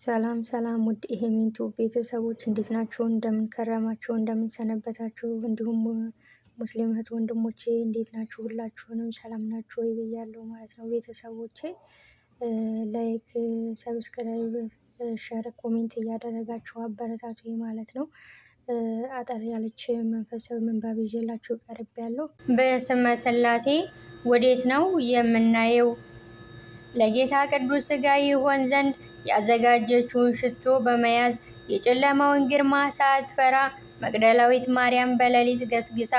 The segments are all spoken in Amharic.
ሰላም ሰላም ውድ ኢሄሜንቱ ቤተሰቦች እንዴት ናችሁ? እንደምን ከረማችሁ? እንደምን ሰነበታችሁ? እንዲሁም ሙስሊም እህት ወንድሞቼ እንዴት ናችሁ? ሁላችሁንም ሰላም ናችሁ ወይ ብያለሁ ማለት ነው። ቤተሰቦቼ ላይክ፣ ሰብስክራይብ፣ ሸር፣ ኮሜንት እያደረጋችሁ አበረታቱ ማለት ነው። አጠር ያለች መንፈሳዊ ምንባብ ይዤላችሁ ቀርብ ያለው በስመ ስላሴ ወዴት ነው የምናየው? ለጌታ ቅዱስ ሥጋ ይሆን ዘንድ ያዘጋጀችውን ሽቶ በመያዝ የጨለማውን ግርማ ሳትፈራ መቅደላዊት ማርያም በሌሊት ገስግሳ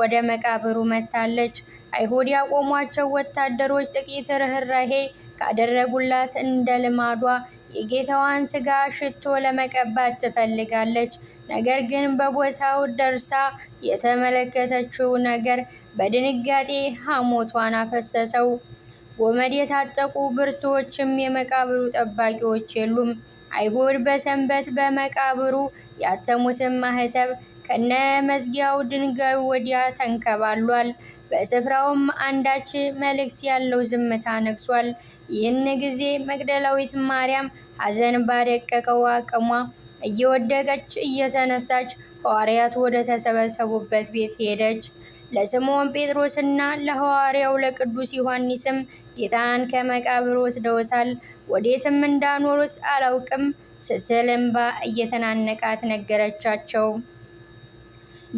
ወደ መቃብሩ መታለች። አይሁድ ያቆሟቸው ወታደሮች ጥቂት ርኅራሄ ካደረጉላት እንደ ልማዷ የጌታዋን ስጋ ሽቶ ለመቀባት ትፈልጋለች። ነገር ግን በቦታው ደርሳ የተመለከተችው ነገር በድንጋጤ ሐሞቷን አፈሰሰው። ወመድ የታጠቁ ብርቱዎችም የመቃብሩ ጠባቂዎች የሉም። አይሁድ በሰንበት በመቃብሩ ያተሙትን ማህተብ ከነ መዝጊያው ድንጋዩ ወዲያ ተንከባሏል። በስፍራውም አንዳች መልእክት ያለው ዝምታ ነግሷል። ይህን ጊዜ መግደላዊት ማርያም ሐዘን ባደቀቀው አቅሟ እየወደቀች እየተነሳች ሐዋርያት ወደ ተሰበሰቡበት ቤት ሄደች። ለስምዖን ጴጥሮስና ለሐዋርያው ለቅዱስ ዮሐንስም ጌታን ከመቃብር ወስደውታል፣ ወዴትም እንዳኖሩት አላውቅም ስትል እንባ እየተናነቃት ነገረቻቸው።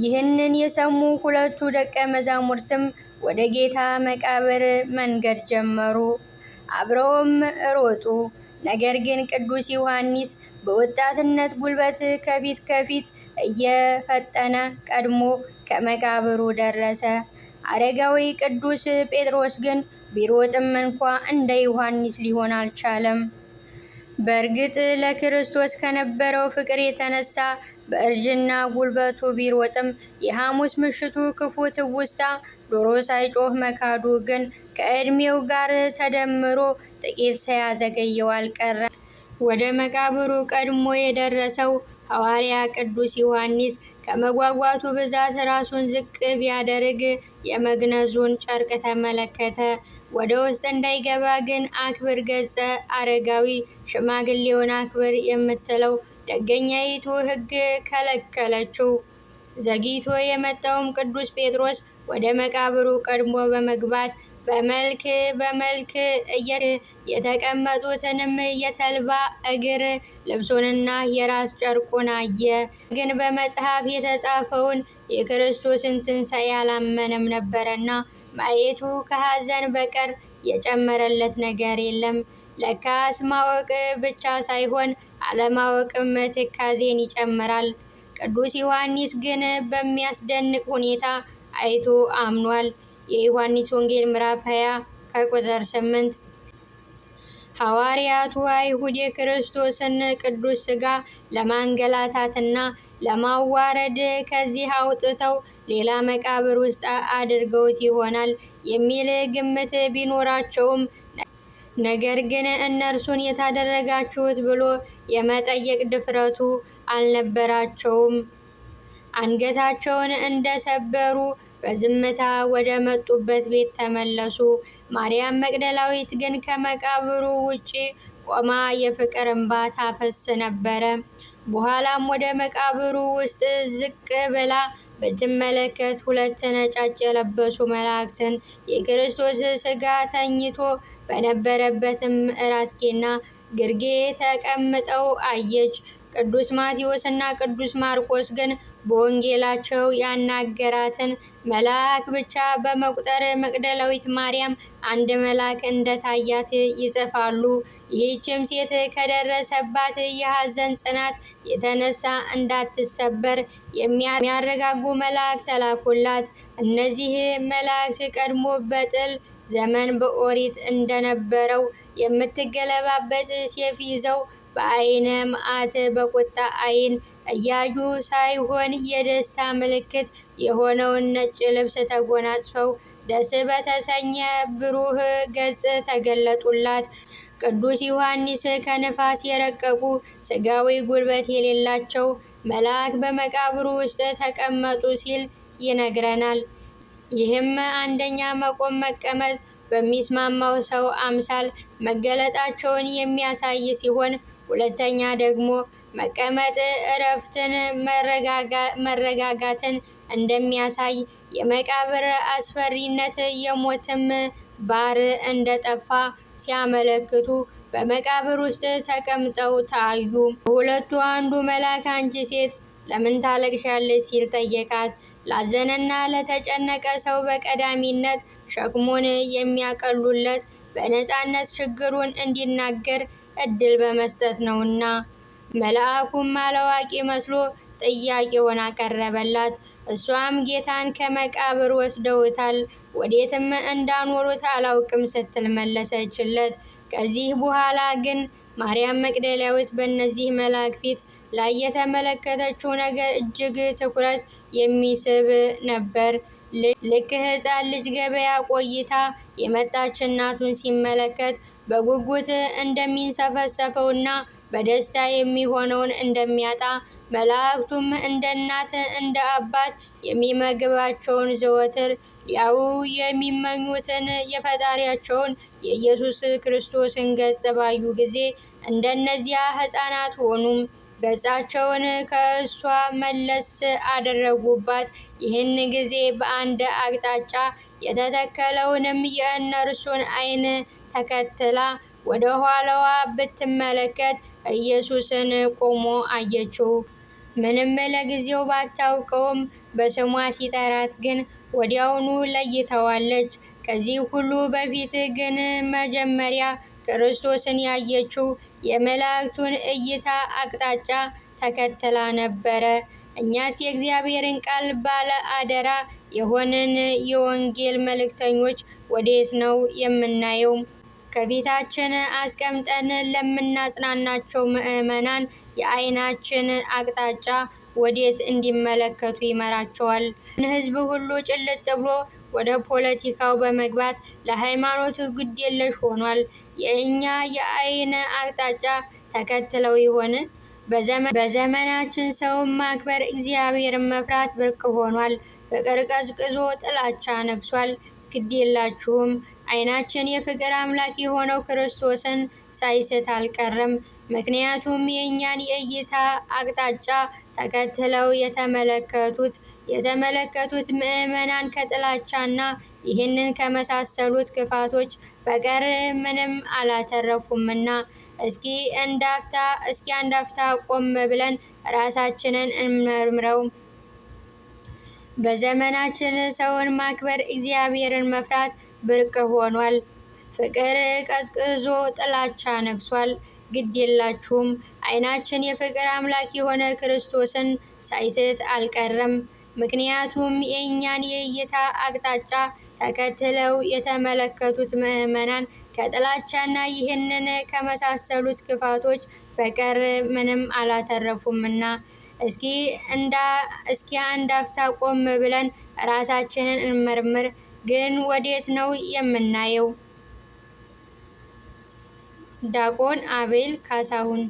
ይህንን የሰሙ ሁለቱ ደቀ መዛሙርትም ወደ ጌታ መቃብር መንገድ ጀመሩ። አብረውም ሮጡ። ነገር ግን ቅዱስ ዮሐንስ በወጣትነት ጉልበት ከፊት ከፊት እየፈጠነ ቀድሞ ከመቃብሩ ደረሰ። አረጋዊ ቅዱስ ጴጥሮስ ግን ቢሮጥም እንኳ እንደ ዮሐንስ ሊሆን አልቻለም። በእርግጥ ለክርስቶስ ከነበረው ፍቅር የተነሳ በእርጅና ጉልበቱ ቢሮጥም የሐሙስ ምሽቱ ክፉ ትውስታ ዶሮ ሳይጮህ መካዱ ግን ከዕድሜው ጋር ተደምሮ ጥቂት ሳያዘገየው አልቀረ። ወደ መቃብሩ ቀድሞ የደረሰው ሐዋርያ ቅዱስ ዮሐንስ ከመጓጓቱ ብዛት ራሱን ዝቅ ቢያደርግ የመግነዙን ጨርቅ ተመለከተ። ወደ ውስጥ እንዳይገባ ግን አክብር ገጸ አረጋዊ ሽማግሌውን አክብር የምትለው ደገኛይቱ ሕግ ከለከለችው። ዘግይቶ የመጣውም ቅዱስ ጴጥሮስ ወደ መቃብሩ ቀድሞ በመግባት በመልክ በመልክ የተቀመጡትንም የተልባ እግር ልብሱንና የራስ ጨርቁን አየ። ግን በመጽሐፍ የተጻፈውን የክርስቶስን ትንሣኤ አላመነም ነበረና ማየቱ ከሐዘን በቀር የጨመረለት ነገር የለም። ለካስ ማወቅ ብቻ ሳይሆን አለማወቅም ትካዜን ይጨምራል። ቅዱስ ዮሐንስ ግን በሚያስደንቅ ሁኔታ አይቶ አምኗል። የዮሐንስ ወንጌል ምዕራፍ 20 ከቁጥር 8 ሐዋርያቱ አይሁድ የክርስቶስን ቅዱስ ሥጋ ለማንገላታትና ለማዋረድ ከዚህ አውጥተው ሌላ መቃብር ውስጥ አድርገውት ይሆናል የሚል ግምት ቢኖራቸውም ነገር ግን እነርሱን የታደረጋችሁት ብሎ የመጠየቅ ድፍረቱ አልነበራቸውም። አንገታቸውን እንደሰበሩ በዝምታ ወደ መጡበት ቤት ተመለሱ። ማርያም መቅደላዊት ግን ከመቃብሩ ውጪ ቆማ የፍቅር እንባ ታፈስ ነበረ። በኋላም ወደ መቃብሩ ውስጥ ዝቅ ብላ ብትመለከት ሁለት ነጫጭ የለበሱ መላእክትን የክርስቶስ ስጋ ተኝቶ በነበረበትም ራስጌና ግርጌ ተቀምጠው አየች። ቅዱስ ማቴዎስና ቅዱስ ማርቆስ ግን በወንጌላቸው ያናገራትን መልአክ ብቻ በመቁጠር መቅደላዊት ማርያም አንድ መልአክ እንደታያት ይጽፋሉ። ይህችም ሴት ከደረሰባት የሐዘን ጽናት የተነሳ እንዳትሰበር የሚያረጋጉ መልአክ ተላኩላት። እነዚህ መልአክ ቀድሞ በጥል ዘመን በኦሪት እንደነበረው የምትገለባበት ሴፍ ይዘው በአይነ መዓት በቁጣ አይን እያዩ ሳይሆን የደስታ ምልክት የሆነውን ነጭ ልብስ ተጎናጽፈው ደስ በተሰኘ ብሩህ ገጽ ተገለጡላት። ቅዱስ ዮሐንስ ከነፋስ የረቀቁ ስጋዊ ጉልበት የሌላቸው መልአክ በመቃብሩ ውስጥ ተቀመጡ ሲል ይነግረናል። ይህም አንደኛ መቆም መቀመጥ በሚስማማው ሰው አምሳል መገለጣቸውን የሚያሳይ ሲሆን፣ ሁለተኛ ደግሞ መቀመጥ እረፍትን፣ መረጋጋትን እንደሚያሳይ የመቃብር አስፈሪነት የሞትም ባር እንደጠፋ ሲያመለክቱ በመቃብር ውስጥ ተቀምጠው ታዩ። ሁለቱ አንዱ መልአክ አንቺ ሴት ለምን ታለቅሻለች ሲል ጠየቃት። ላዘነና ለተጨነቀ ሰው በቀዳሚነት ሸክሙን የሚያቀሉለት በነፃነት ችግሩን እንዲናገር እድል በመስጠት ነውና። መልአኩም አላዋቂ መስሎ ጥያቄውን አቀረበላት። እሷም ጌታን ከመቃብር ወስደውታል፣ ወዴትም እንዳኖሩት አላውቅም ስትል መለሰችለት። ከዚህ በኋላ ግን ማርያም መቅደላዊት በእነዚህ መላእክት ፊት ላይ የተመለከተችው ነገር እጅግ ትኩረት የሚስብ ነበር። ልክ ሕፃን ልጅ ገበያ ቆይታ የመጣች እናቱን ሲመለከት በጉጉት እንደሚንሰፈሰፈው እና በደስታ የሚሆነውን እንደሚያጣ መላእክቱም እንደ እናት እንደ አባት የሚመግባቸውን ዘወትር ያው የሚመኙትን የፈጣሪያቸውን የኢየሱስ ክርስቶስን ገጽ ባዩ ጊዜ እንደነዚያ ሕፃናት ሆኑም። ገጻቸውን ከእሷ መለስ አደረጉባት። ይህን ጊዜ በአንድ አቅጣጫ የተተከለውንም የእነርሱን ዓይን ተከትላ ወደ ኋላዋ ብትመለከት ኢየሱስን ቆሞ አየችው። ምንም ለጊዜው ባታውቀውም በስሟ ሲጠራት ግን ወዲያውኑ ለይተዋለች። ከዚህ ሁሉ በፊት ግን መጀመሪያ ክርስቶስን ያየችው የመላእክቱን እይታ አቅጣጫ ተከትላ ነበረ። እኛስ የእግዚአብሔርን ቃል ባለ አደራ የሆንን የወንጌል መልእክተኞች ወዴት ነው የምናየው? ከፊታችን አስቀምጠን ለምናጽናናቸው ምዕመናን የዓይናችን አቅጣጫ ወዴት እንዲመለከቱ ይመራቸዋል። ሕዝብ ሁሉ ጭልጥ ብሎ ወደ ፖለቲካው በመግባት ለሃይማኖቱ ግድ የለሽ ሆኗል። የእኛ የዓይን አቅጣጫ ተከትለው ይሆን? በዘመናችን ሰውን ማክበር፣ እግዚአብሔርን መፍራት ብርቅ ሆኗል። ፍቅር ቀዝቅዞ ጥላቻ ነግሷል። ግድ የላችሁም። አይናችን የፍቅር አምላክ የሆነው ክርስቶስን ሳይስት አልቀርም። ምክንያቱም የእኛን የእይታ አቅጣጫ ተከትለው የተመለከቱት የተመለከቱት ምዕመናን ከጥላቻና ይህንን ከመሳሰሉት ክፋቶች በቀር ምንም አላተረፉምና እስኪ እንዳፍታ እስኪ አንዳፍታ ቆም ብለን ራሳችንን እንመርምረው። በዘመናችን ሰውን ማክበር እግዚአብሔርን መፍራት ብርቅ ሆኗል። ፍቅር ቀዝቅዞ ጥላቻ ነግሷል። ግድ የላችሁም አይናችን የፍቅር አምላክ የሆነ ክርስቶስን ሳይስት አልቀረም። ምክንያቱም የእኛን የእይታ አቅጣጫ ተከትለው የተመለከቱት ምዕመናን ከጥላቻና ይህንን ከመሳሰሉት ክፋቶች በቀር ምንም አላተረፉምና እስኪ እንዳ እስኪ አንድ አፍታ ቆም ብለን ራሳችንን እንመርምር። ግን ወዴት ነው የምናየው? ዳቆን አቤል ካሳሁን